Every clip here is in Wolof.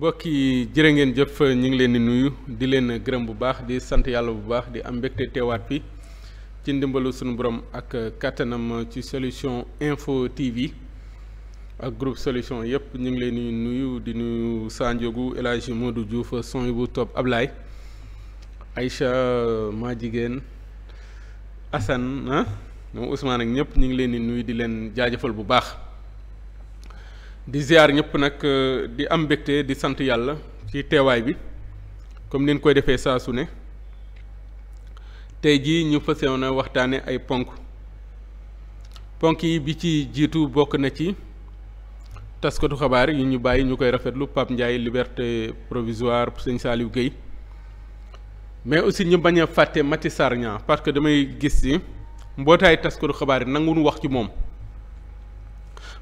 mbokk yi jërë ngeen jëf ñu ngi leen di nuyu di leen gërëm bu baax di sant yàlla bu baax di am mbégte teewaat bi ci ndimbalu sunu borom ak kattanam ci solution info TV ak groupe solution yëpp ñu ngi leen di nuyu di nuyu Sanjogu El Hadj juufa Diouf son yi bu topp Ablaye Aïcha maa jigéen Assane ah ñoom Ousmane ak ñëpp ñu ngi leen di nuyu di leen jaajëfal bu baax. di ziar ñëpp nag euh, di am mbégte di sant yàlla ci teewaay bi comme ni koy defee saa su ne tey jii ñu fas na waxtaane ay ponk ponk yi bi ci jiitu bokk na ci taskatu xabaar yu ñu bàyyi ñu koy rafetlu Pape njaay liberté provisoire sëñ Saliou Guèye mais aussi ñu bañ a fàtte Mati Sarr parce que damay gis si mbootaay taskatu xabaar yi nanguwul wax ci moom.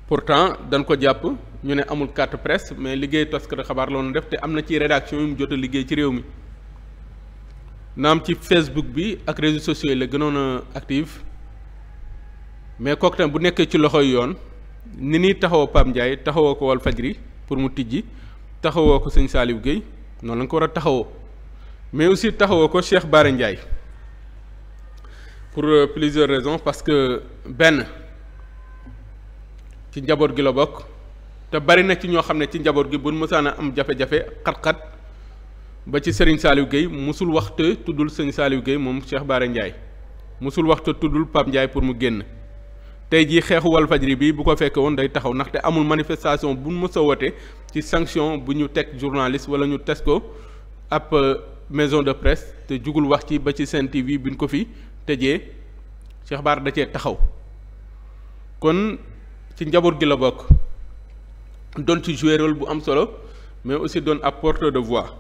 pourtant dañ ko jàpp ñu ne amul carte presse mais liggéey taskatu xabaar loonu def te am na ci rédaction yu mu jot a liggéey ci réew mi naam ci Facebook bi ak réseaux sociaux yi la gënoon a active mais kooku tamit bu nekkee ci loxo yoon ni ni taxawoo Pape Ndiaye taxawoo ko Walfadjri pour mu tijji taxawoo ko sëñ Saliou Guèye noonu la ko war a taxawoo mais aussi taxawoo ko Cheikh Bara Ndiaye pour euh, plusieurs raisons parce que benn ci njaboot gi la bokk te bari na ci ñoo xam ne ci njaboot gi bu mësaan a am jafe-jafe xat-xat ba ci Serigne Saliou Guèye musul te tuddul Serigne Saliou géey moom Cheikh Bara Ndiaye musul te tuddul Pape njaay pour mu génn tey jii xeexu Walfadjri bi bu ko fekkee woon day taxaw ndaxte amul manifestation bu mu mës a woote ci sanction bu ñu teg journaliste wala ñu tes ko ab euh, maison de presse te jugul wax ci ba ci Sen TV bi ñu ko fi tëjee Cheikh Bara da cee taxaw ci njaboot gi la bokk doon ci jouer bu am solo mais aussi doon ab porteur de voix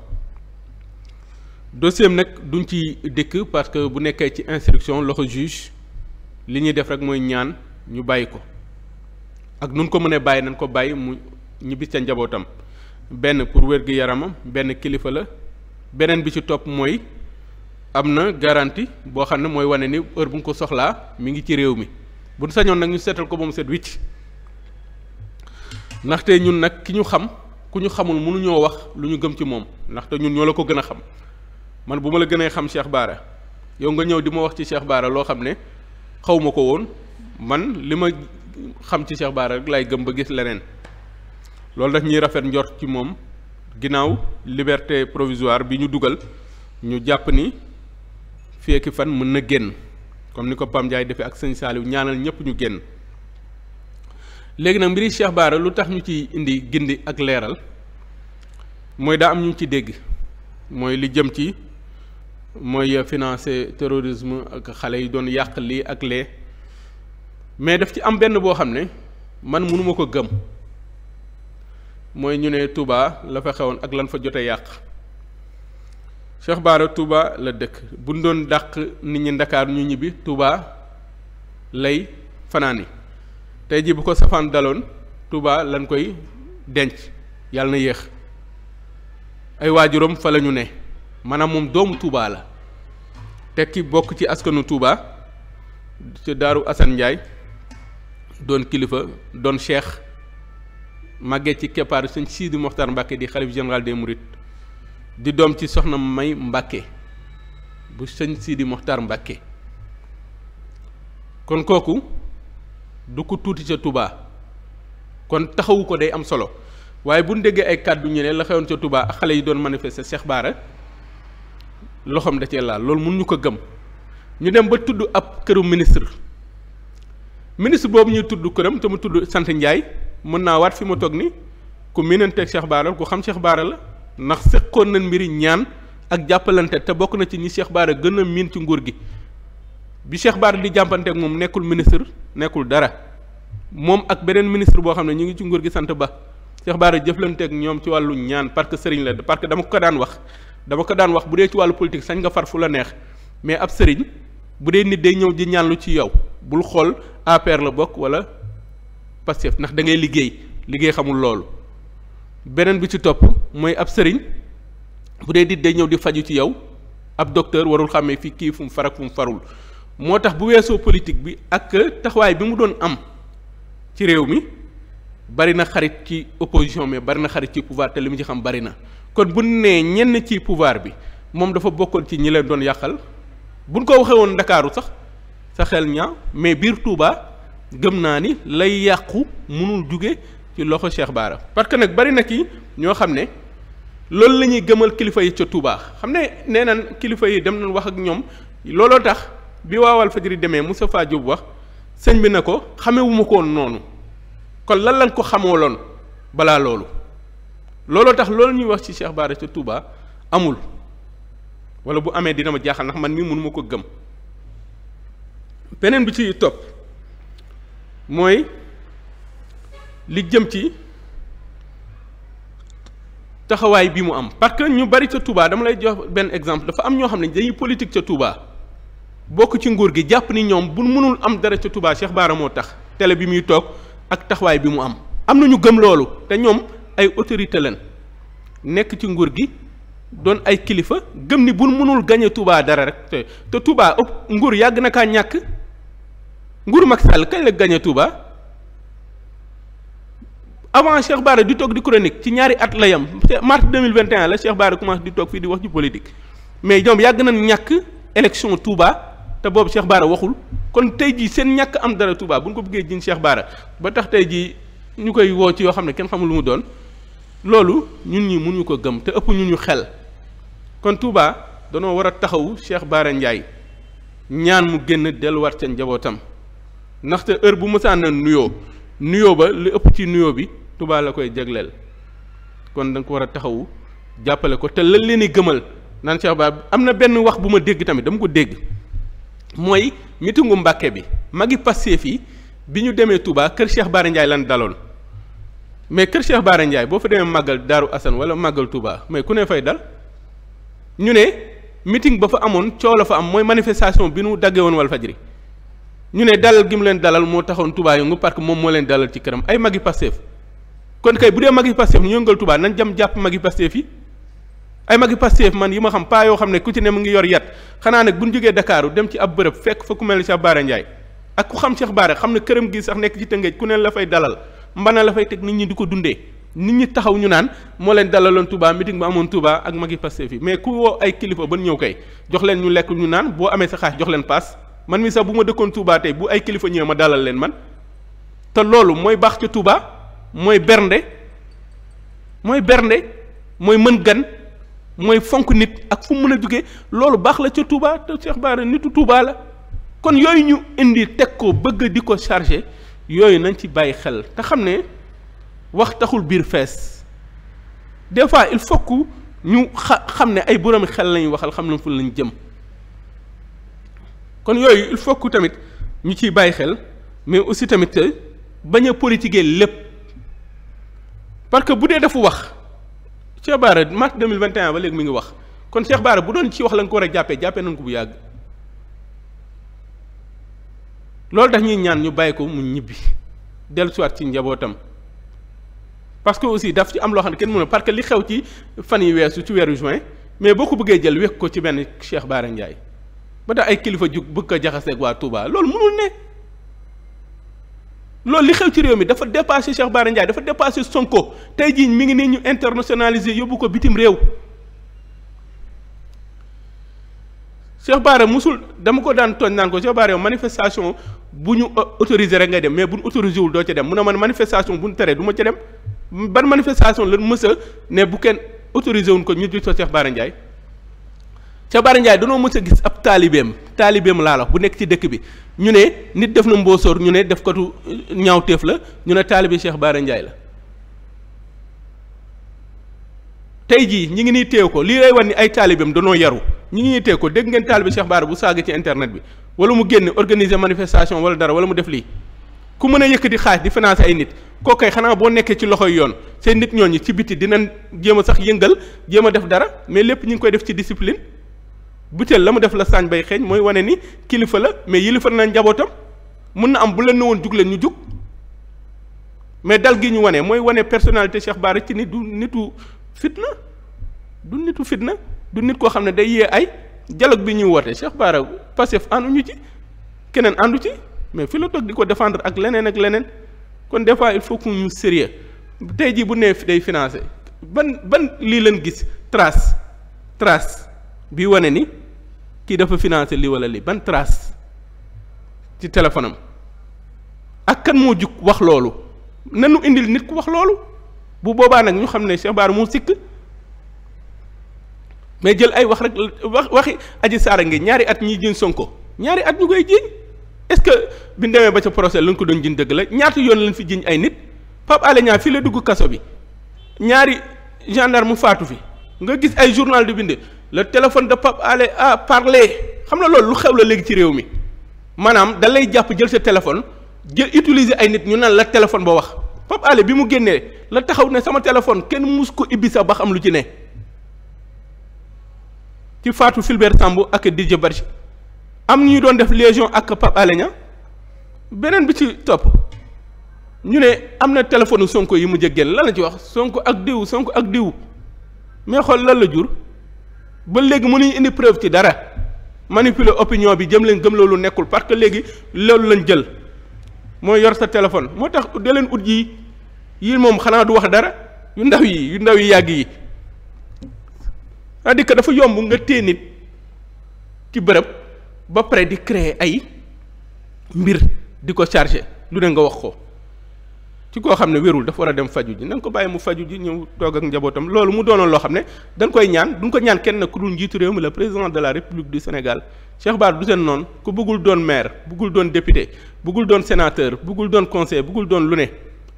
dossier am nag duñ ci dikk parce que bu nekkee ci instruction loxo juge li ñuy def rek mooy ñaan ñu bàyyi ko ak nun ko mënee bàyyi nañ ko bàyyi mu ñibbi ca njabootam benn pour wér gi yaramam benn kilifa la beneen bi ci topp mooy am na garanti boo xam ne mooy wane ni heure bu nga ko soxlaa mi ngi ci réew mi bu sañoon nag ñu seetal ko ba mu set wicc ndaxte ñun nag ki ñu xam ku ñu xamul mënuñoo wax lu ñu gëm ci moom ndaxte ñun ñoo la ko gën a xam man bu ma la gënee xam seex baara yow nga ñëw di ma wax ci Cheikh baara loo xam ne xaw ma ko woon man li ma xam ci Cheikh Bara rek laay gëm ba gis leneen loolu daf ñuy rafet njor ci moom ginnaaw liberté provisoire bi ñu dugal ñu jàpp ni fekki fan mën na génn comme ni ko Pam Ndiaye defee ak sëñ Saliou ñaanal ñëpp ñu génn. léegi nag mbiri Cheikh Baara lu tax ñu ci indi gindi ak leeral mooy daa am ñu ci dégg mooy li jëm ci mooy financer terrorisme ak xale yi doon yàq lii ak lee mais daf ci am benn boo xam ne man mënuma ko gëm mooy ñu ne Touba la fa xewoon ak lan fa jote yàq Cheikh Baara Touba la dëkk bu ñu doon dàq nit ñi Ndakaar ñu ñibbi Touba lay fanaani tey jii bu ko safaan daloon Touba lañ koy denc yàlla na yéex ay waajuram fa la ñu ne maanaam moom doomu Touba la tekki bokk ci askanu Touba ci daaru Assane Ndiaye doon kilifa doon cheikh màggee ci keppaaru sëñ Sidi Mokhtar Mbacke di xalif général des murit di doom ci soxna May Mbacke bu sëñ Sidi Mokhtar Mbacke kon kooku. du ko tuuti ca tubaa kon taxawu ko day am solo waaye bu ñu déggee ay kàddu ñu ne la xewoon ca tubaa xale yi doon manifester Cheikh Bara loxoom da cee laa loolu mën ñu ko gëm ñu dem ba tudd ab këru ministre ministre boobu ñuy tudd këram te mu tudd sant njaay mën naa waat fi mu toog ni ku miinanteeg Cheikh Bara ku xam Cheikh Bara la ndax seqoon nañ mbiri ñaan ak jàppalante te bokk na ci ñi Cheikh Bara gën a miin ci nguur gi. bi Cheikh Bara di jàmpanteeg moom nekkul ministre nekkul dara moom ak beneen ministre boo xam ne ñu ngi ci nguur gi sant ba Cheikh Bara jëflanteeg ñoom ci wàllu ñaan parce que sëriñ la parce que dama ko daan wax dama ko daan wax bu dee ci wàllu politique sañ nga far fu la neex mais ab sëriñ bu dee nit day ñëw di ñaan lu ci yow bul xool APR la bokk wala Pastef ndax da ngay liggéey liggéey xamul loolu beneen bi ci topp mooy ab sëriñ bu dee nit day ñëw di faju ci yow ab docteur warul xàmmee fii kii fu mu far ak fu moo tax bu weesoo politique bi ak taxawaay bi mu doon am ci réew mi bari na xarit ci opposition mais bari na xarit ci pouvoir te li mu ci xam bari na kon bu nee ñenn ci pouvaar bi moom dafa bokkoon ci ñi leen doon yàqal buñ ko waxee woon ndakaaru sax sa xel ñaaw mais biir Touba gëm naa ni lay yàqu mënul jóge ci loxo Cheikh baara parce que nag bari na ki ñoo xam ne loolu la ñuy gëmal kilifa yi ca Touba xam ne nee nan kilifa yi dem nañ wax ak ñoom looloo tax bi waa Walfadjri demee Moustapha Diop wax sëñ bi na ko xamewuma ko noonu kon lan lañ ko xamooloon balaa loolu looloo tax loolu ñuy wax ci Cheikh Bara ca Touba amul wala bu amee dina ma jaaxal ndax man mii mënuma ko gëm beneen bi ci topp mooy li jëm ci taxawaay bi mu am parce que ñu bari ca Touba dama lay jox benn exemple dafa am ñoo xam ne dañuy politique ca tubaa bokk ci nguur gi jàpp ni ñoom bu mënul am dara ca tubaa Cheikh Baara moo tax tele bi muy toog ak taxawaay bi mu am. am na ñu gëm loolu te ñoom ay autorité lañ nekk ci nguur gi doon ay kilifa gëm ni bu mënul gañe tubaa dara rek te tubaa Touba nguur yàgg na kaa ñàkk nguur Macky Sall kañ la gañe tubaa avant Cheikh Bara di toog di chronique ci ñaari at la yam mars 2021 la Cheikh Bara commencé di toog fii di wax ci politique mais ñoom yàgg nañ ñàkk élection tubaa te boobu Cheikh Baara waxul kon tey jii seen ñàkk am dara Touba bu ñu ko bëggee jiñ Cheikh Baara ba tax tey jii ñu koy woo ci yoo xam ne kenn xamul lu mu doon loolu ñun ñi mënuñu ko gëm te ëpp ñu ñu xel kon Touba danoo war a taxawu Cheikh Baara Ndiaye ñaan mu génn delluwaat seen njabootam ndaxte heure bu mësaan na nuyoo nuyoo ba li ëpp ci nuyoo bi Touba la koy jagleel kon da ko war a taxawu jàppale ko te lan leen gëmal naan Cheikh Baara am na benn wax bu ma dégg tamit dama ko dégg. mooy mitingu Mbàkke bi magi Pastef yi bi ñu demee Touba kër Cheikh Bara Ndiaye lan daloon mais kër Cheikh Bara Ndiaye boo fa demee màggal Daaru Assane wala màggal tubaa mais ku ne fay dal ñu ne meeting ba fa amoon coow la fa am mooy manifestation bi nu daggee woon wal fajri ñu ne dalal gi mu leen dalal moo taxoon Touba yëngu parce que moom moo leen dalal ci këram ay magi Pastef kon kay bu dee magi Pastef ñu yëngal tubaa nañ jam jàpp magi Pastef yi ay mag magi Pastef man yi ma xam paa yoo xam ne ku ci ne mu ngi yor yat xanaa nag bu ñu jógee Dakaaru dem ci ab bërëb fekk fa ku mel ni Cheikh Bara Ndiaye ak ku xam Cheikh Bara xam ne këram gi sax nekk ci Tëngéej ku neen la fay dalal mbana la fay teg nit ñi di ko dundee nit ñi taxaw ñu naan moo leen dalaloon Touba meeting ba amoon Touba ak magi Pastef yi mais ku woo ay kilifa ba ñëw kay jox leen ñu lekk ñu naan boo amee sa xaalis jox leen paas man mi sax bu ma dëkkoon Touba tey bu ay kilifa ñëwee ma dalal loolu mooy baax ca Touba mooy bernde bernde mooy mën gan mooy fonk nit ak fu mën a jugee loolu baax la ca Touba te Cheikh Bara nitu Touba la kon yooyu ñu indi teg ko bëgg di ko chargé yooyu nañ ci bàyyi xel te xam ne wax taxul biir fees des fois il faut que ñu xa xam ne ay boromi xel lañuy waxal xam nañ fu lañ jëm kon yooyu il faut que tamit ñu ciy bàyyi xel mais aussi tamit bañ a politiquer lépp parce que bu dee dafa wax. Cheikh Bara mars 2021 ba léegi mi ngi wax kon Cheikh Bara bu doon ci wax la nga ko war a jàppee jàppee nañ ko bu yàgg loolu tax ñuy ñaan ñu bàyyi ko mu ñibbi dellu siwaat ci njabootam parce que aussi daf ci am loo xam ne kenn mënul parce que li xew ci fan yi weesu ci weeru juin mais boo ko bëggee jël wékk ko ci benn Cheikh Bara Ndiaye ba tax ay kilifa jug bëgg ko jaxaseeg waa tubaa loolu mënul ne. loolu li xew ci réew mi dafa dépassé Cheikh Bara dafa dépassé Sonko tey jii mi ngi nii ñu internationalisé yóbbu ko bitim réew Cheikh Bara musul dama ko daan tooñ naan ko Cheikh Bara yow manifestation bu ñu euh, autorisé rek ngay dem mais bu ñu autorisé wul doo ca dem mu ne man manifestation bu ñu teree du ma ca dem ban manifestation lan mës a ne bu kenn autorisé wuñ ko ñu di ko Cheikh Bara Ndiaye Cheikh Bara Ndiaye danoo mës a gis ab taalibeem taalibeem laa la bu nekk ci dëkk bi. ñu ne nit def na mbóosóor ñu ne def katu ñaawteef la ñu ne taalibi Cheikh Baara Ndiaye la tey jii ñi ngi nii téew ko lii lay wan ni ay taalibeem danoo yaru ñi ngi nii téew ko dégg ngeen taalibi Cheikh baare bu saage ci internet bi wala mu génn organiser manifestation wala dara wala mu def lii ku mën a yëkkati xaalis di financer ay nit kookay xanaa boo nekkee ci loxo yoon seen nit ñooñu ci biti dina jéema sax yëngal jéem a def dara mais lépp ñu ngi koy def ci discipline butéel la mu def la saañ bay xeeñ mooy wane ni kilifa la mais yilifa na njabootam mun na am bu leen ne woon jug leen ñu jug mais dal gi ñu wane mooy wane personnalité Cheikh Bara ci ni du nitu fitna du nitu fitna du nit koo xam ne day yee ay dialogue bi ñuy woote Cheikh Bara Pastef ànduñu ci keneen àndu ci mais fi la toog di ko défendre ak leneen ak leneen kon des fois il faut que ñu sérieux tey jii bu nee day financé ban ban lii leen gis trace tras bi wane ni kii dafa financé li wala li ban trace ci téléphone am ak kan moo jug wax loolu nanu indil nit ku wax loolu bu boobaa nag ñu xam ne Cheikh Bara moo sikk mais jël ay wax rek wax waxi aji saara ngi ñaari at ñiy jiiñ Sonko ñaari at ñu koy jiiñ est-ce que bi ñu ba ca procès lañ ko doon jiiñ dëgg la ñaata yoon lañ fi jiiñ ay nit Pape Alé fii la dugg kaso bi ñaari gendarme mu faatu fi nga gis ay journal di bind le téléphone de Pape Alé a parlé xam na loolu lu xew la léegi ci réew mi maanaam da lay jàpp jël sa téléphone jël utiliser ay nit ñu naan la téléphone ba wax Pape Alé bi mu génnee la taxaw ne sama téléphone kenn mus ko ibbi sa ba xam lu ci ne ci faatu Fulbert Sambou ak Didier Badji am ñu doon def liaison ak Pape Alé Niang beneen bi ci topp ñu ne am na téléphone Sonko yi mu jéggeen lan la ci wax Sonko ak diw Sonko ak diw mais xool lan la jur. ba léegi mënuñu indi preuve ci dara manipuler opinion bi jëm leen gëm loolu nekkul parce que léegi loolu lañ jël mooy yor sa téléphone moo tax da ut yi yi moom xanaa du wax dara yu ndaw yi yu ndaw yi yàgg yi c'est-à-dire dafa yomb nga téye nit ci bërëb ba pare di créer ay mbir di ko charger du ne nga wax ko ci koo xam ne wérul dafa war a dem faju ji na nga ko bàyyi mu faju ji ñëw toog ak njabootam loolu mu doonoon loo xam ne dañ koy ñaan duñ ko ñaan kenn ku dul njiitu réew mi le président de la république du Sénégal Cheikh Bara du seen noonu ku bëggul doon maire bëggul doon député bëggul doon sénateur bëggul doon conseiller bëggul doon lu ne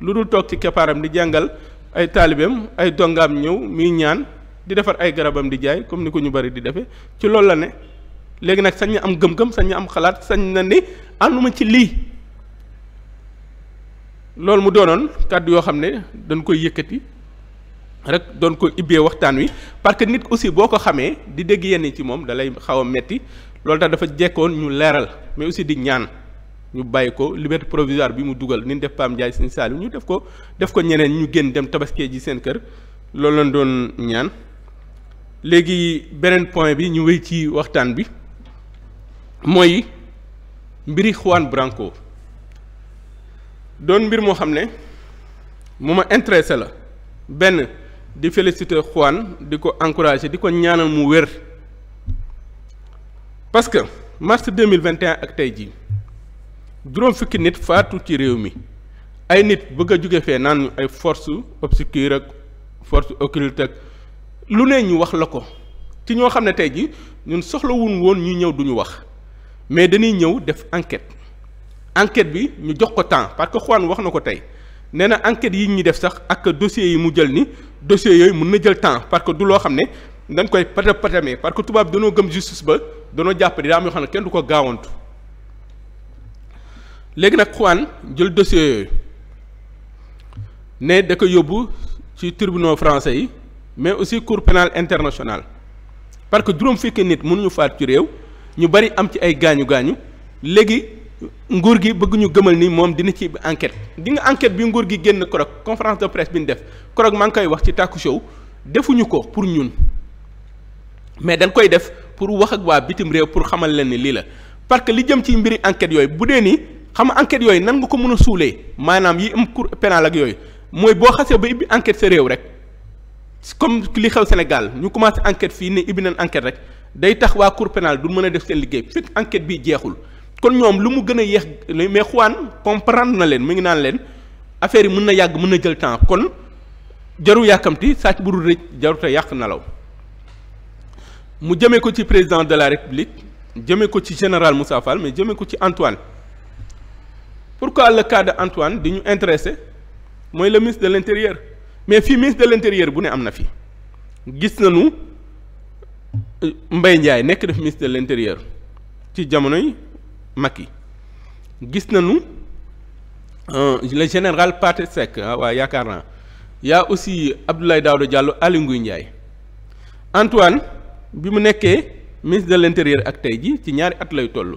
lu dul toog ci keppaaram di jàngal ay taalibeem ay dongaam ñëw muy ñaan di defar ay garabam di jaay comme ni ko ñu bari di defee ci loolu la ne léegi nag sañ am gëm-gëm sañ am xalaat sañ na ni ànduma ci lii loolu mu doonoon kàddu yoo xam ne dañ koy yëkkati rek doon ko ibbee waxtaan wi parce que nit aussi boo ko xamee di dégg yenn ci moom dalay xaw a metti loolu tax dafa jekkoon ñu leeral mais aussi di ñaan ñu bàyyi ko liberté provisoire bi mu dugal ni def Pam Ndiaye Sëñ Saliou ñu def ko def ko ñeneen ñu gën dem tabaskee ji seen kër loolu lañ doon ñaan léegi beneen point bi ñu wéy ci waxtaan bi mooy mbiri Juan Branco doon mbir moo xam ne mu ma intéressé la benn di féliciter Juan di ko encourager di ko ñaanal mu wér parce que mars deux mille vingt et ak tey jii juróom fukki nit faatu ci réew mi ay nit bëgg a jóge fee naan ay force obscure ak force occulte ak lu ne ñu wax la ko ci ñoo xam ne tey jii ñun soxlawun woon ñu ñëw duñu wax mais dañuy ñëw def enquête enquête bi ñu jox ko temps parce que Juan wax na ko tey nee na enquête yi ñuy def sax ak dossiers yi mu jël ni dossiers yooyu mën na jël temps parce que du loo xam ne dañ koy pata patamee parce que tubaab danoo gëm justice ba danoo jàpp daa am yoo ko gaawantu nag Juan jël dossiers yooyu ne da ko yóbbu ci tribunaux français yi mais aussi cour pénale internationale parce que juróom fikk nit mënuñu faat ci réew ñu bari am ci ay gaañu gaañu léegi. nguur gi bëgg ñu gëmal ni moom dina ci enquête di nga enquête bi nguur gi génn korog conférence de presse bi ñu def korog maa ngi koy wax ci tàkku show defuñu ko pour ñun mais dañ koy def pour wax ak waa bitim réew pour xamal leen ni lii la parce que li jëm ci mbiri enquête yooyu bu dee nii xam enquête yooyu nan nga ko mën a suulee maanaam yi am cour pénal ak yooyu mooy boo xasee ba ibbi enquête sa réew rek comme li xew Sénégal ñu commencé enquête fii ne ibbi nañ rek day tax waa cour du mën a def seen liggéey bi jeexul kon ñoom lu mu gën a yéex mais xuwaan comprendre na leen mu ngi naan leen affaire yi mën na yàgg mën na jël temps kon jaru yàkkamti sàcc bu dul rëcc jarut yàq nelaw mu jëmee ko ci président de la république jëmee ko ci général Moussa Fall mais jëmee ko ci Antoine pour le cas de Antoine di ñu intéressé mooy le ministre de l' intérieur mais fii ministre de l' bu ne am na fi gis nañu euh, mbay Ndiaye nekk def ministre de l' intérieur ci jamono yi Macky gis nañu euh, le général Pathé Seck ah, waa yaakaar naa y aussi Abdoulaye Daouda Diallo Aly Ngouille Ndiaye Antoine bi mu nekkee ministre de l'intérieur ak tey ji ci ñaari at lay toll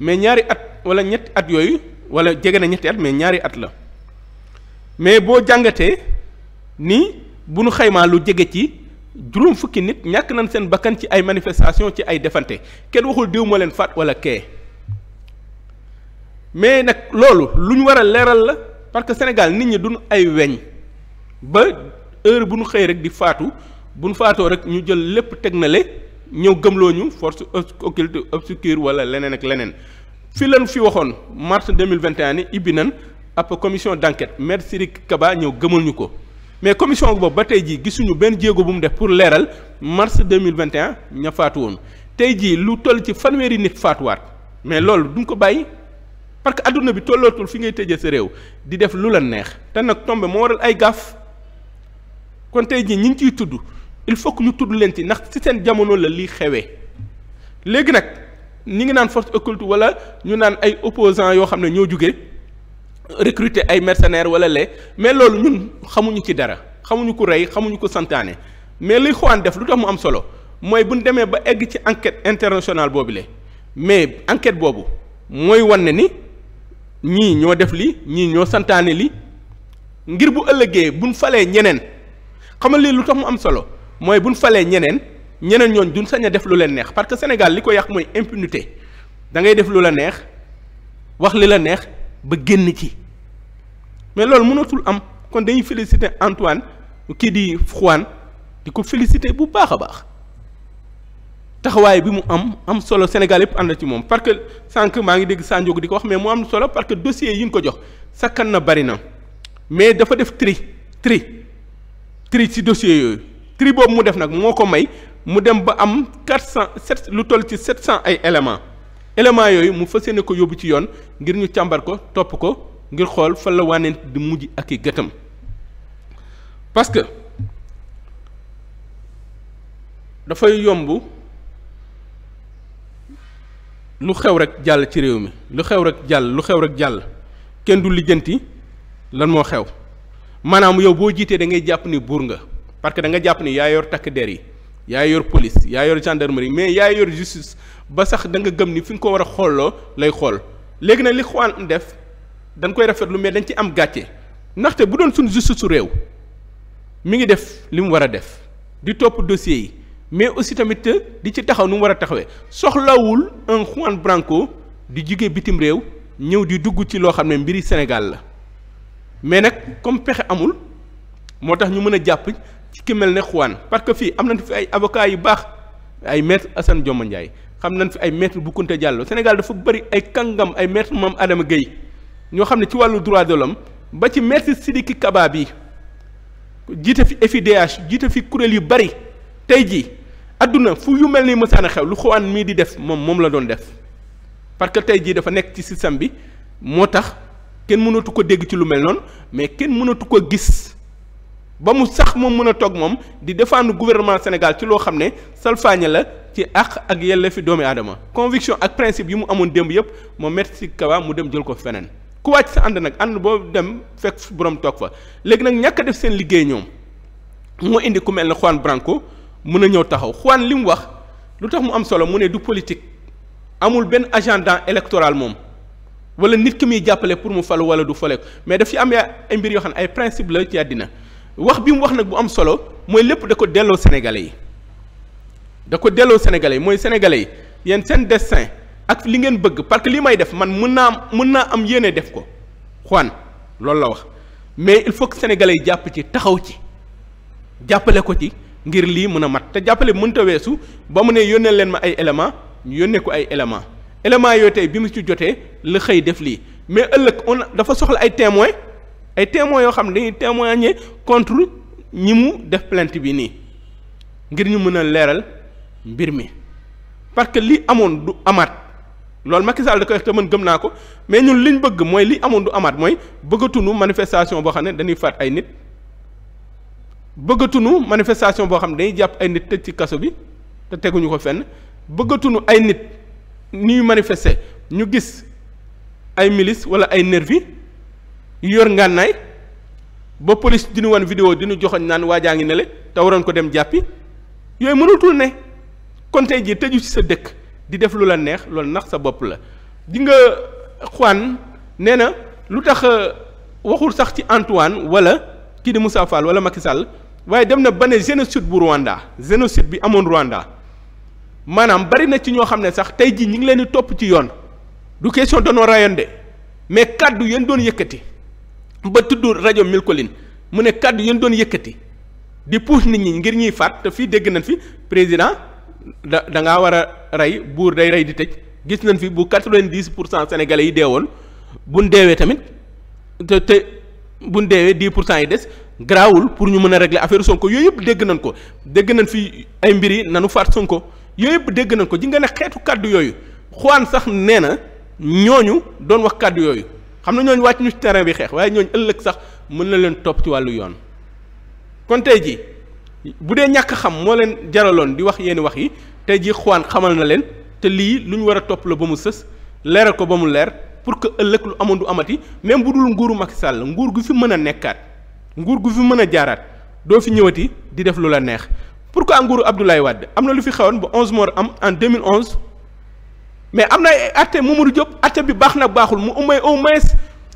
mais ñaari at wala ñetti at yooyu wala jege na ñetti at mais ñaari at la mais boo jàngatee ni bu nu xaymaa lu jege ci juróom fukki nit ñàkk nañ seen bakkan ci ay manifestation ci ay defante kenn waxul diw moo leen faat wala kee mais nag loolu lu ñu war leeral la parce que Sénégal nit ñi duñ ay weñ ba heure bu ñu xëy rek di faatu bu faatoo rek ñu jël lépp teg na le ñëw gëmloo ñu force occulte obscure wala leneen ak leneen fi lan fi waxoon mars 2021 ni ibbi nan ab commission d'enquête maître Sidiki Kaba ñëw gëmal ñu ko mais commission boobu ba tey jii gisuñu benn jéego bu mu def pour leeral mars 2021 ña faatu woon tey jii lu toll ci fanweeri nit faatuwaat mais loolu duñ ko bàyyi parce que adduna bi tollootul fi ngay tëjee sa réew di def lu la neex te nag tombe moo waral ay gaaf kon tey jii ñi ngi ciy tudd il faut que ñu tudd leen ci ndax ci seen jamono la lii xewee léegi nag ñi ngi naan force occulte wala ñu naan ay opposants yoo xam ne ñoo jóge recruter ay mercenaires wala le mais loolu ñun xamuñu ci dara xamuñu ko rey xamuñu ko santaane mais liy xawaan def lu tax mu am solo mooy bu ñu demee ba egg ci enquête internationale boobu le mais enquête boobu mooy wan ne ni. ñii ñoo def li ñii ñoo santaane li ngir bu ëllëgee buñ falee ñeneen xamal lii lu tax mu am solo mooy buñ falee ñeneen ñeneen ñooñ duñ sañ def lu leen neex parce que Sénégal li ko yàq mooy impunité da ngay def lu la neex wax li la neex ba génn ci mais loolu mënatul am kon dañuy féliciter Antoine kii di Juan di ko féliciter bu baax a baax taxawaay bi mu am am solo Sénégal yëpp ànd ci moom parce que sànq maa ngi dégg Sandiogou di ko wax mais mu am solo parce que dossier yi ko jox sakkan na bari na mais dafa def tri tri tri ci dossier yooyu tri boobu mu def nag moo ko may mu dem ba am quatre cent sept lu toll ci sept cent ay éléments éléments yooyu mu fas yéene ko yóbbu ci yoon ngir ñu càmbar ko topp ko ngir xool fan la wànnent di mujj ak i gëtam parce que dafay yomb. lu xew rek jàll ci réew mi lu xew rek jàll lu xew rek jàll kenn du lijjanti lan moo xew maanaam yow boo jiitee da ngay jàpp ni buur nga parce que da nga jàpp ni yaa takk der yi yaa yor police yaa yor gendarmerie mais yaa yor ba sax da nga gëm ni fi nga ko war a xooloo lay xool léegi nag li xwaan def dañ koy rafetlu mais dañ ci am gàcce ndaxte bu doon suñu justice su réew mi ngi def li mu war a def di topp dossier yi mais aussi tamit di ci taxaw nu war a taxawee soxlawul un Juan Branco di jugee bitim réew ñëw di dugg ci loo xam ne mbiri Sénégal la mais nag comme pexe amul moo tax ñu mën a jàpp ci ki mel ne Juan parce que fii am nañ fi ay avocats yu baax ay maître Assane Dioma Ndiaye xam nañ fi ay maître Boucounta Diallo Sénégal dafa bëri ay kàngam ay maître Mame Adama Guèye ñoo xam ne ci wàllu droit de l'homme ba ci maître Sidiki kabaa bi jiite fi FIDH jiite fi kuréel yu bëri tey jii. adduna fu yu mel ni mësaan a xew lu xawaan mii di def moom moom la doon def parce que tey jii dafa nekk ci système bi moo tax kenn mënatu ko dégg ci lu mel noonu mais kenn mënatu ko gis ba mu sax moom mën a toog moom di défendre gouvernement Sénégal ci loo xam ne salfaañe la ci àq ak yelleefi doomi aadama conviction ak principe yi mu amoon démb yëpp moom mettre ci kawa mu dem jël ko feneen ku wàcc sa ànd nag ànd boo dem fekk borom toog fa léegi nag ñàkk a def seen liggéey ñoom moo indi ku mel ne Juan Branco mën a ñëw taxaw Juan li mu wax lu tax mu am solo mu ne du politique amul benn agenda électoral moom wala nit ki muy jàppale pour mu falu wala du fale ko mais daf ci am ay mbir yoo xam ne ay principe la ci àddina wax bi mu wax nag bu am solo mooy lépp da ko delloo Sénégalais yi da ko delloo Sénégalais yi mooy Sénégalais yi yéen seen destin ak li ngeen bëgg parce que li may def man mën naa am mën naa am yéene def ko Juan loolu la wax mais il faut que jàpp ci taxaw ci jàppale ko ci. ngir lii mën a mat te jàppale mënta weesu ba mu ne yónnee leen ma ay éléments ñu yónnee ko ay éléments éléments yoo tey bi mu ci jotee la xëy def lii mais ëllëg on dafa soxla ay témoins ay témoins yoo xam ne dañuy témoigner contre ñi mu def plainte bi nii ngir ñu mën a leeral mbir mi parce que lii amoon du amaat loolu Macky Sall da koy wax te mën gëm naa ko mais ñun liñ bëgg mooy li amoon du amaat mooy bëggatuñu manifestation boo xam ne dañuy faat ay nit bëggatunu manifestation boo xam ne dañuy jàpp ay nit tëj ci kaso bi te teguñu ko fenn bëggatunu ay nit ñuy manifester ñu gis ay milice wala ay nervi yu yor ngànnaay ba police dinu wan vidéo dinu joxoñ naan waa jaa ngi ne le te waroon ko dem jàppi yooyu mënatul ne kon tey jii tëju ci sa dëkk di def lu la neex loolu nax sa bopp la di nga xwaan nee na lu tax waxul sax ci Antoine wala kii di Moussa Fall wala Macky Sall waaye dem na ba ne génocide bu Rwanda génocide bi amoon Rwanda maanaam bari na ci ñoo xam ne sax tey jii ñu ngi leen di topp ci yoon du question danoo rayon de mais kàddu yéen doon yëkkati ba tudd rajo Milkolin mu ne kàddu yéen doon yëkkati di puus nit ñi ngir ñuy faat te fii dégg nañ fi président da da ngaa war a rey buur day rey di tëj gis nañ fi bu quatre-vingt-dix pour cent sénégalais yi deewoon buñ deewee tamit te te buñ deewee dix pour cent yi des garaawul pour ñu mën a régler affaire Sonko yooyu yëpp dégg nañ ko dégg nañ fi ay mbir yi nanu faat Sonko yooyu yëpp dégg nañ ko ji nga ne xeetu kàddu yooyu xuwaan sax nee na ñooñu doon wax kàddu yooyu xam na ñooñu wàcc ñu ci bi xeex waaye ñooñu ëllëg sax mën na leen topp ci wàllu yoon kon tey ji bu dee ñàkk xam moo leen jaraloon di wax yenn wax yi tey ji xuwaan xamal na leen te lii lu ñu war a topp la ba mu sës leeral ko ba mu leer pour que ëllëg lu amoon du amati même bu dul nguuru Macky Sall nguur gu mën a nekkaat nguur gu fi mën a jaaraat doo fi ñëwati di def lu la neex pourquoi nguuru Abdoulaye Wade am na lu fi xewoon ba 11 mort am en 2011 mais am na ay atte Mamadou Diop atte bi baax na baaxul mu umay au moins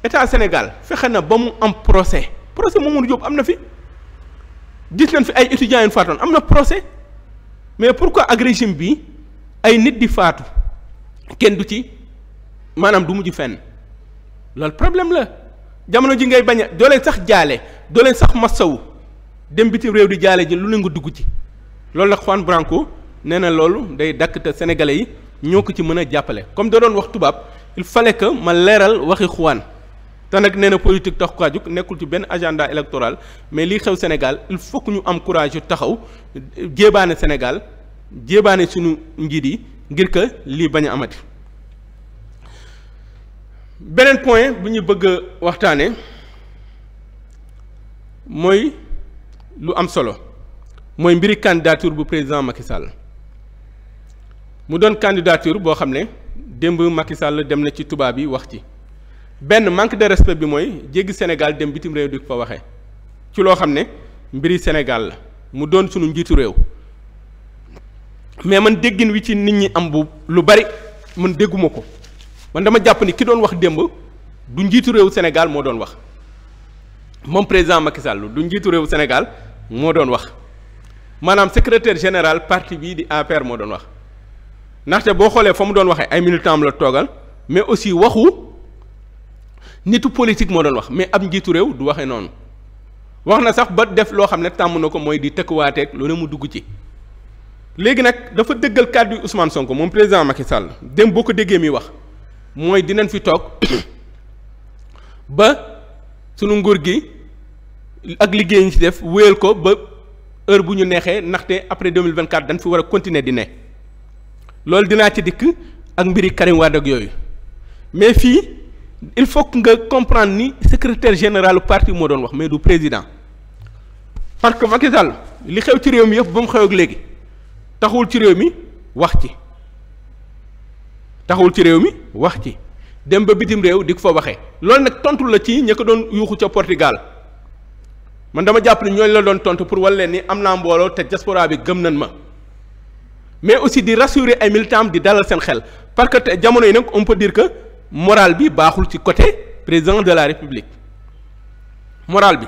état Sénégal fexe na ba mu am procès procès Mamadou Diop am na fi gis nañ fi ay étudiants yu faatoon am na procès mais pourquoi ak régime bi ay nit di faatu kenn du ci maanaam du mujj fenn loolu problème la. jamono ji ngay bañ a doo leen sax jaale doo leen sax massawu dem bitim réew di jaale ji lu ne nga dugg ci loolu nag Juan Branco nee na loolu day dakk te sénégalais yi ñoo ko ci mën a jàppale comme da doon wax tubaab il fallait que ma leeral waxi Juan te nag nee na politique tax ko a jóg nekkul ci benn agenda électoral mais lii xew senegal il faut ñu am courage yu taxaw jéebaane senegal jéebaane suñu njiit yi ngir que lii bañ a amati. beneen point bu ñu bëgg waxtaanee mooy lu am solo mooy mbiri candidature bu président Macky Sall mu doon candidature boo xam ne démb Macky Sall dem na ci tubaab yi wax ci benn manque de respect bi mooy jéggi Sénégal dem bitim réew di fa waxee ci loo xam ne mbiri Sénégal la mu doon sunu njiitu réew mais man déggin wi ci nit ñi am bu lu bari man dégguma ko man dama jàpp ni ki doon wax démb du njiitu réew Sénégal moo doon wax moom président Macky Sall du njiitu réew senegal moo doon wax maanaam secretaire général parti bii di APR moo doon wax ndaxte boo xoolee fa mu doon waxee ay militant la toogal mais aussi waxu nitu politique moo doon wax mais ab njiitu réew du waxee noonu wax na sax ba def loo xam ne tàmm na ko mooy di tëkkuwaateeg lu ne mu dugg ci. léegi nag dafa dëggal kàddu yi Ousmane Sonko moom président Macky Sall dem boo ko déggee mi wax. mooy dinañ fi toog ba sunu nguur gi ak liggéey ñu ci def wéyal ko ba heure bu ñu neexee ndaxte après 2024 dañ fi war a continuer di ne loolu dinaa ci dikk ak mbiri Karim Wade ak yooyu mais fii il faut que nga comprendre ni secretaire général partie moo doon wax mais du président parce que Macky li xew ci réew mi yëpp ba mu xew ak léegi taxul ci réew mi wax ci taxul ci réew mi wax ci dem ba bitim réew di ko fa waxee loolu nag tontu la ci ña ko doon yuuxu ca portigal man dama jàpp ne ñooñu la doon tontu pour wal leen ni am na mbooloo te diaspora bi gëm nañ ma mais aussi di rassurer ay militants di dalal seen xel parce que te jamono yi nag on peut dire que moral bi baaxul ci côté président de la république moral bi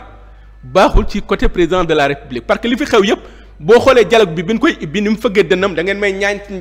baaxul ci côté président de la république parce li fi xew yëpp boo xoolee dialogue bi bi ñu koy ibbi ni mu fëggee dënnam da ngeen may ñaan ci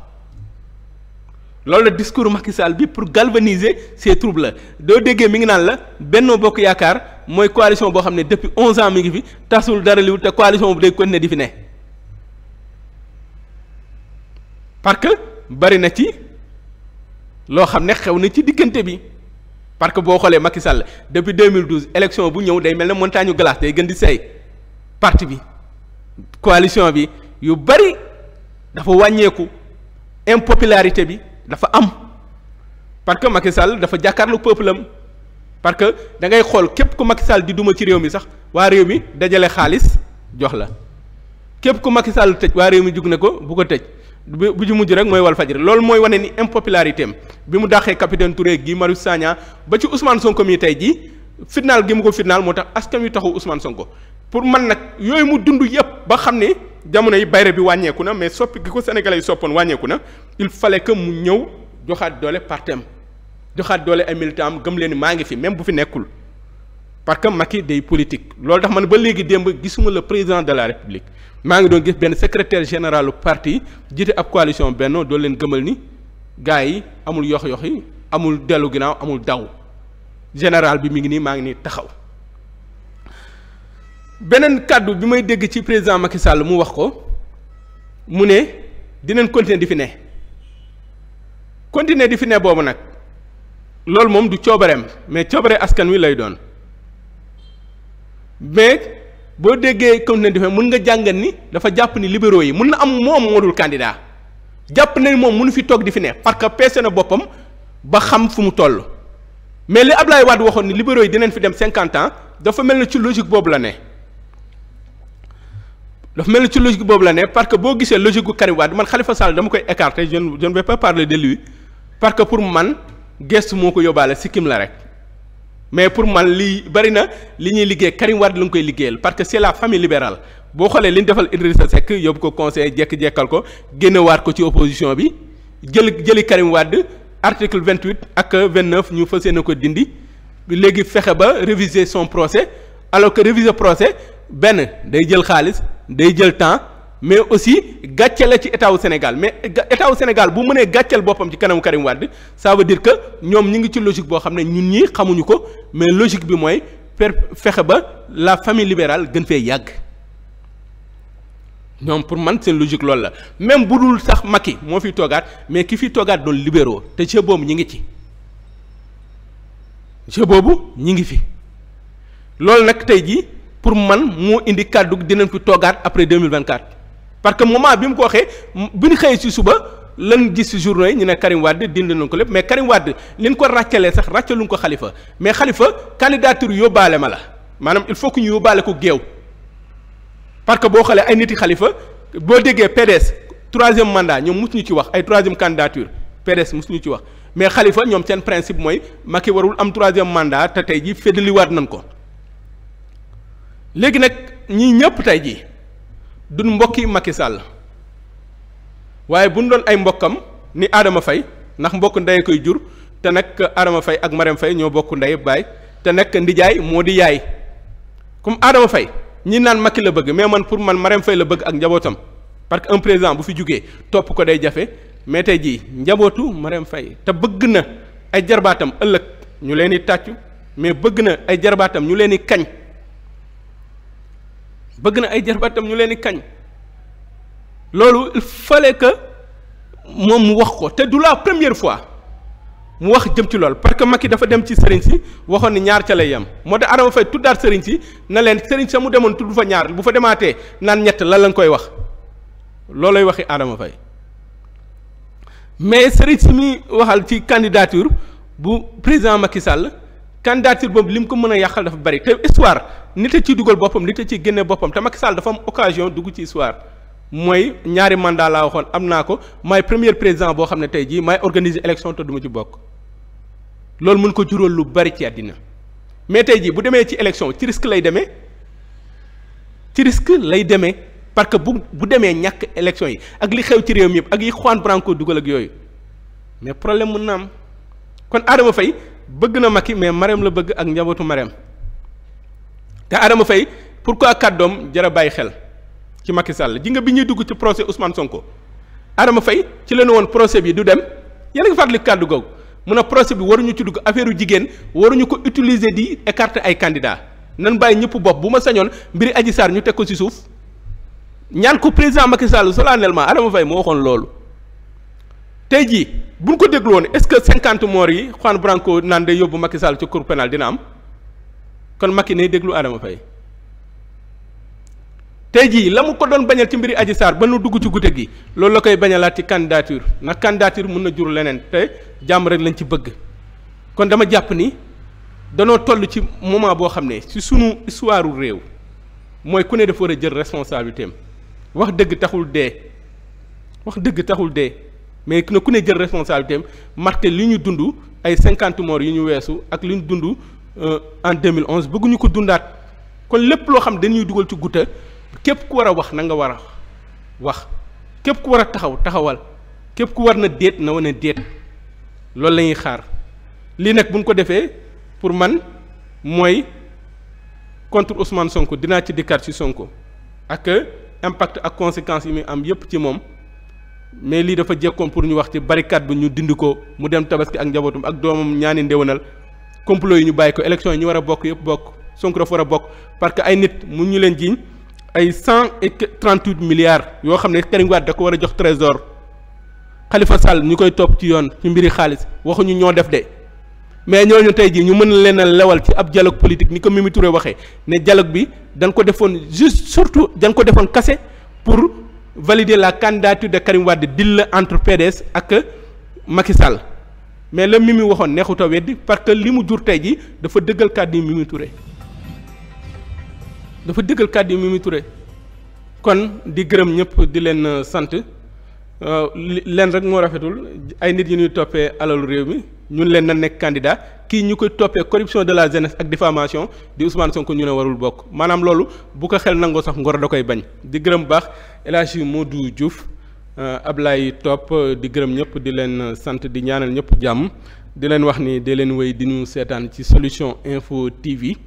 loolu la discours Macky Sall bi pour galvaniser ces troupes la doo déggee mi ngi naan la Benno Bokk Yaakaar mooy coalition boo xam ne depuis onze ans mi ngi fi tasul dara liwul te coalition bu day continuer di fi ne parce que bari na ci loo xam ne xew na ci diggante bi parce que boo xoolee Macky Sall depuis 2012 élection bu ñëw day mel ne montagne glace day gën di seey parti bi coalition bi yu bari dafa wàññeeku impopularité bi dafa am parce que Macky Sall dafa jàkkaarlu peuple am parce que da xool képp ku Macky Sall di duma ci réew mi sax waa réew mi dajale xaalis jox la képp ku Macky Sall tëj waa réew mi jug na ko bu ko tëj bu bu ju mujj rek mooy wal fajri loolu mooy wane ni impopularité bi mu dàqee capitaine Touré gi Marius Sagna ba ci Ousmane Sonko mi tey jii fitnaal gi mu ko fitnaal moo tax askan wi taxu Ousmane Sonko pour man nag yooyu mu dund yëpp ba xam ne. jamono yi bayre bi wàññeeku na mais soppi gi ko sénégalais soppoon wàññeeku na il fallait que mu ñëw joxaat doole partem joxaat doole ay militant am gëm leen maa ngi fi même bu fi nekkul parce que Macky day politique loolu tax man ba léegi démb gisuma la président de la république maa ngi doon gis benn secrétaire général du parti jiite ab coalition benn doo leen gëmal ni gars yi amul yox yox yi amul dellu ginnaaw amul daw général bi mi ngi nii maa ngi nii taxaw beneen kàddu bi may dégg ci président Macky Sall mu wax ko mu ne dinañ continuer di fi ne continuer di fi ne boobu nag loolu moom du coobareem mais coobaree askan wi lay doon mais boo déggee continuer di fi mun nga jàngat ni dafa jàpp ni libéraux yi mun na am moom moo dul candidat jàpp nañ moom mënu fi toog di fi ne parce que peese na boppam ba xam fu mu toll mais li Ablaye Wade waxoon ni libéraux yi dinañ fi dem cinquante ans dafa mel na ci logique boobu la ne. dafa mel ni ci logique boobu la ne parce que boo gisee logique gu Karim Wade man Khalifa Sall dama koy écarter je ne je parler de lui parce que pour man gestu moo ko yóbbaale sikkim la rek mais pour man li bari na li ñuy liggéey Karim Wade la ñu koy liggéeyal parce que c'est la famille libérale boo xoolee li ñu defal Idrissa Seck yóbbu ko conseil jekk-jekkal ko waat ko ci opposition bi jël jëli Karim Wade article vingt huit ak vingt neuf ñu fas yéene ko dindi léegi fexe ba réviser son procès alors que réviser procès benn day jël xaalis. day jël temps mais aussi gàcce la ci état wu Sénégal mais état wu Sénégal bu mënee gàcceel boppam ci kanamu Karim Wade ça veut dire que ñoom ñi ngi ci logique boo xam ne ñun ñii xamuñu ko mais logique bi mooy per fexe ba la famille libérale gën fee yàgg ñoom pour man seen logique loolu la même bu dul sax Macky moo fi toogaat mais ki fi toogaat doon libéraux te jeu boobu ñi ngi ci jeu boobu ñi ngi fi loolu nag tey jii. pour man moo indi kàddu dinañ ko toogaat après 2024 parce que moment bi mu ko waxee bi ñu xëyee si suba lan gis ci journaux yi ñu ne Karim Wade dindi nañ ko lépp mais Karim Wade li ñu ko ràccalee sax ràccaluñ ko Khalifa mais Khalifa candidature yóbbaale ma la maanaam il faut que ñu yóbbaale ko géew parce que boo xoolee ay niti xalifa boo déggee PDS troisième mandat ñoom mus mosuñu ci wax ay troisième candidature PDS mosuñu ci wax mais xalifa ñoom seen principe mooy Macky warul am troisième mandat te tey jii féddaliwaat nañ ko. léegi nag ñii ñëpp tey jii duñ mbokki makki Sall waaye buñ doon ay mbokkam ni aadama Faye ndax mbokk ndey koy jur te nag Adama Faye ak Marème Faye ñoo bokk ndey baay te nag ndijaay moo di yaay comme Adama Faye ñi naan Macky la bëgg mais man pour man Marème Faye la bëgg ak njabootam parce que un président bu fi jugee topp ko day jafe mais tey jii njabootu Marème Faye te bëgg na ay jarbaatam ëllëg ñu leen di tàccu mais bëgg na ay jarbaatam ñu leen di kañ. bëgg na ay jarbaatam ñu leen di kañ loolu il fallait que moom mu wax ko te du la première fois mu wax jëm ci lool parce que yi dafa dem ci sëriñ si waxoon ni ñaar ca lay yem moo tax Adama Faye tuddaat sëriñ si na leen sëriñ sa mu demoon tudd fa ñaar bu fa demaatee naan ñett lan lañ koy wax loolu lay waxi Adama Faye mais sëriñ si muy waxal ci candidature bu président Macky Sall candidature boobu li mu ko mën a yàqal dafa bari te histoire nit a ciy dugal boppam nit a ciy génne boppam te Macky Sall dafa am occasion dugg ci histoire mooy ñaari mandat laa waxoon am naa ko maay premier président boo xam ne tey jii maay organiser élection te du ma ci bokk loolu mun ko jural lu bari ci àddina mais tey jii bu demee ci élection ci risque lay demee ci risque lay demee parce que bu bu demee ñàkk élection yi ak li xew ci réew mi yëpp ak yi Juan Branco dugal ak yooyu mais problème mën na am kon Adama Faye bëgg na Macky mais Marème la bëgg ak njabootu Marème te Adama quoi pourquoi kàddoom jara bàyyi xel ci Macky Sall ji nga bi ñuy dugg ci procès Ousmane Sonko Adama fay ci leen woon procès bi du dem yeneen a ngi fàttali kàddu googu mën a procès bi waruñu ci dugg affaire yu jigéen waruñu ko utiliser di écarter ay candidats nan bàyyi ñëpp bopp bu ma sañoon mbiri aji Sarr ñu teg ko ci suuf ñaan ko président Macky Sall solennellement Adama fay moo waxoon loolu. tey jii buñ ko déglu woon est-ce que cinquante morts yi Juan Branco naan day yóbbu Macky Sall ci cour pénal dina am kon Macky nay déglu Adama Faye tey jii la mu ko doon bañal ci mbiri Adji Sarr ba nu dugg ci gudde gi loolu la koy bañalaat ci candidature nag candidature mun na jur leneen te jàmm rek lañ ci bëgg kon dama jàpp ni danoo toll ci moment boo xam ne ci sunu histoire réew mooy ku ne dafa war a jël responsabilité am wax dëgg taxul dee wax dëgg taxul dee mais ki ne ku ne jël responsabilité am li ñu dund ay cinquante morts yu ñu weesu ak li ñu dund euh, en 2011 bëgguñu ko dundaat kon lépp loo xam dañuy dugal ci gutta képp ku war a wax na nga war a wax képp ku war a taxaw taxawal képp ku war na déet na wane déet loolu lañuy xaar lii nag bu ñu ko defee pour man mooy contre Ousmane Sonko dinaa ci dikkaat ci Sonko ak impact ak conséquences yi muy am yépp ci moom. mais lii dafa jekkoon pour ñu wax ci barricade bi ñu dind ko mu dem tabaski ak njabootum ak doomam ñaani ndéwénal complot yi ñu bàyyi ko élection yi ñu war a bokk yëpp bokk Sonko dafa war a bokk parce que ay nit mu ñu leen jiiñ ay cent et trente huit milliards yoo xam ne Karim Wade da ko war a jox trésor xalifa Sall ñu koy topp ci yoon ci mbiri xaalis waxuñu ñoo def de mais ñooñu tey jii ñu mën leen a lewal ci ab dialogue politique ni ko Mimi Touré waxee ne dialogue bi dañ ko defoon juste surtout dañ ko defoon kase pour. valider la candidature de Karim Wade dil la entre ak Macky Sall mais la muy waxoon neexut a weddi parce que li mu jur tey ji dafa dëggal kàddu yi Mimi Touré dafa dëggal kàddu yi Mimi Touré kon di gërëm ñëpp di leen sant euh, leen rek moo rafetul ay nit yi nuy toppee alalu réew mi ñun leen na nekk candidat kii ñu koy toppee corruption de la jeunesse ak diffamation di Ousmane Sonko ñu ne warul bokk maanaam loolu bu ko xel nangoo sax ngoro da koy bañ di gërëm baax El Hadji Modou Diouf euh, Ablaye Topp di gërëm ñëpp di leen sant di ñaanal ñëpp jàmm di leen wax ni di leen wéy dinu seetaan ci solution info TV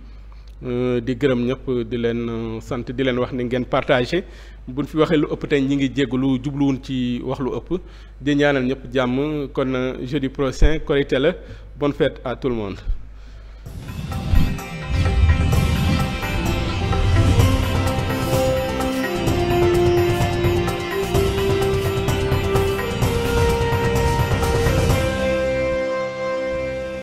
euh, di gërëm ñëpp di leen euh, sant di leen wax ni ngeen partagé buñ fi waxee lu ëpp tey ñi ngi jégalu jubluwun ci wax lu ëpp di ñaanal ñëpp jàmm kon jeudi prochain Korité la bonne fête à tout le monde.